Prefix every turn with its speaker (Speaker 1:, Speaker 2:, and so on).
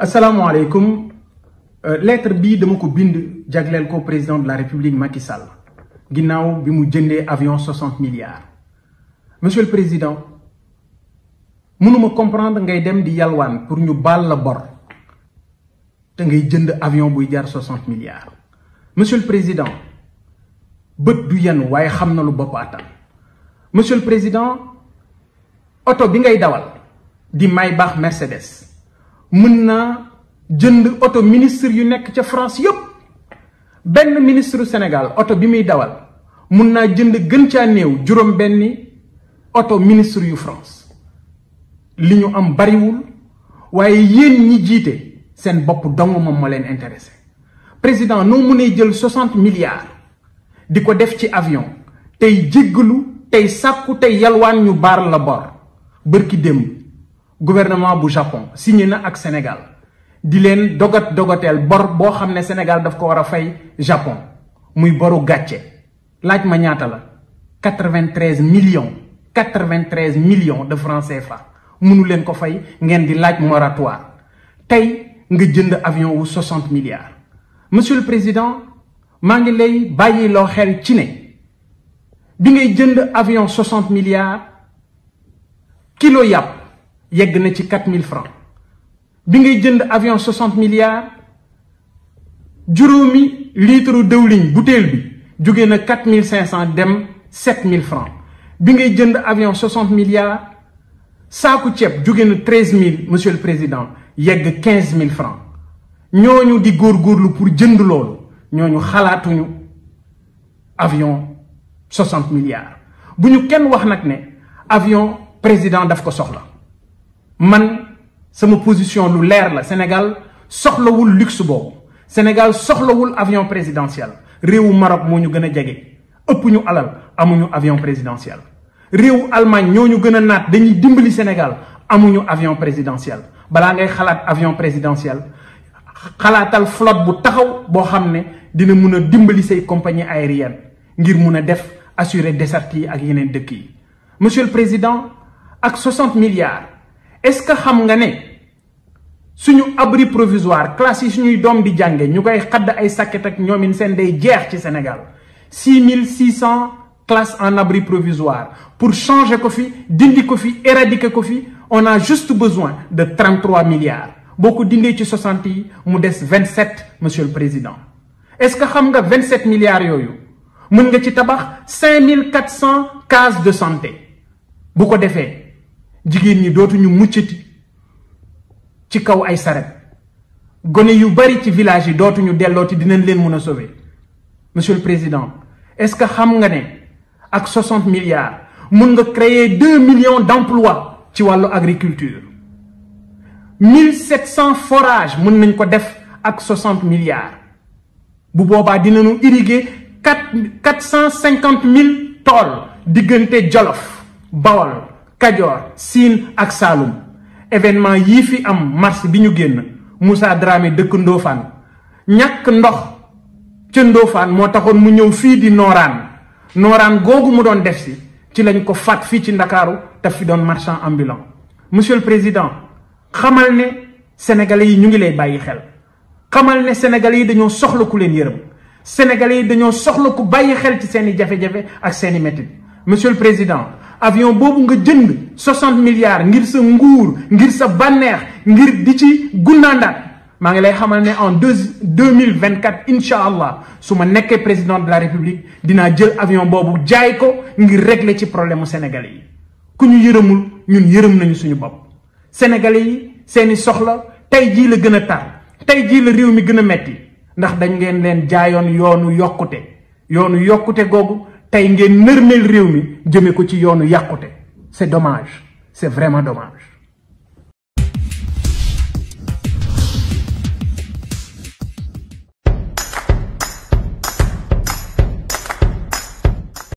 Speaker 1: asalaamaaleykum euh, lettre bii dama ko bind jagleel ko président de la république Macky Sall ginnaaw bi mu jëndee avion soixante milliards monsieur le président mënuma comprendre ngay dem di yalwaan pour ñu baal la bor te ngay jënd avion buy jar soixante milliards monsieur le président bët du yenu waaye xam na lu bopp attan monsieur le président oto bi ngay dawal di may baax Mercedes mën naa jënd oto ministre yu nekk ca France yëpp benn ministre Sénégal oto bi muy dawal mun naa jënd gën caa néew juróom benni oto ministre yu France li ñu am bariwul waaye yéen ñi jiite seen bopp dong moom leen intéressé président noo mënee jël soixante milliards di ko def ci avion tey jéggalu tey sàkku tey yalwaan ñu baar la bor bërki démb gouvernement bu Japon signé na ak Sénégal di leen dogat dogateel bor boo xam ne Sénégal daf ko war a fay Japon muy boru gàcce laaj ma ñaata la quatre-vingt-treize millions de francs fa mënu leen ko fay ngeen di laaj moratoire tey nga jënd avion wu soixante milliards monsieur le président maa ngi lay bàyyi loo xel ci ne bi ngay jënd avion soixante milliards kilo yàpp yegg na ci quatre mille francs bi ngay jënd avion soixante milliards juróomi litre dëwliñ butéel bi jóge na quatre mille cinq cent dem sept mille francs bi ngay jënd avion soixante milliards saaku ceeb jóge na treize mille monsieur le président yegg quinze mille francs ñooñu di góor góorgóorlu pour jënd loolu ñooñu xalaatuñu avion soixante milliards bu ñu kenn wax nag ne avion président daf ko soxla man sama position lu leer la Sénégal soxlawul luxe boobu Sénégal soxlawul avion présidentiel réewu Maroc moo ñu gën a jege ëpp ñu alal amuñu avion présidentiel réewu Allemagne ñoo ñu gën a naat dañuy dimbali Sénégal amuñu avion présidentiel balaa ngay xalaat avion présidentiel xalaatal flotte bu taxaw boo xam ne dina mun a dimbali say compagnie aérienne ngir mun a def assurer desserte yi ak yeneen dëkk yi monsieur le président ak 60 milliards. est-ce que xam nga ne suñu abri provisoire classe yi suñuy doom di jàngee ñu koy xadd ay sàkket ak ñoomin seen day jeex ci Sénégal six mille six cent classes en abri provisoire pour changer ko fi dindi ko fi éradiquer ko fi on a juste besoin de 33 milliards boo ko dindee ci 60 yi mu des 27 monsieur le président est-ce que xam nga 27 milliards yooyu mun nga ci tabax 5400 cases de santé bu ko defee. jigéen ñi dootuñu muccati ci kaw ay saret gone yu bari ci village yi dootuñu dellooti dinañ leen mën a sauver monsieur le président est-ce que xam nga ne ak 60 milliards mun nga créer 2 millions d'emplois ci wàllu agriculture 1700 forages mën nañ ko def ak 60 milliards bu boobaa dinañu irriguer 4 450 mille tool diggante Jolof Bawol Kajoor Siin ak Saalum événement yii fi am mars bi ñu génn Moussa Dramé dëkk ndoofaan ñàkk ndox ca Ndofane moo taxoon mu ñëw fii di Nooraan Nooraan googu mu doon def si ci lañ ko faat fii ci Ndakaaru daf fi doon marchand ambulant monsieur le président xamal ne sénégalais yi ñu ngi lay bàyyi xel xamal ne sénégalais yi dañoo soxla ku leen yërëm sénégalais yi dañoo soxla ku bàyyi xel ci seen i jafe-jafe ak seeni i monsieur le président avion boobu nga jënd 60 milliards ngir sa nguur ngir sa bànneex ngir di ci gundaandaat maa ngi lay xamal ne en deux deux mille vingt quatre incha allah su ma nekkee président de la république dinaa jël avion boobu jaay ko ngir régler ci problème mu sénégalais yi ku ñu yërëmul ñun yërëm nañu suñu bopp. sénégalais yi seeni soxla tey jii la gën a tar tey jii la réew mi gën a metti ndax dañ ngeen leen jaayoon yoonu yokkute yoonu yokkute googu. tey ngeen nërmeel réew mi jëmee ko ci yoonu yàqute c'est dommage c'est vraiment dommage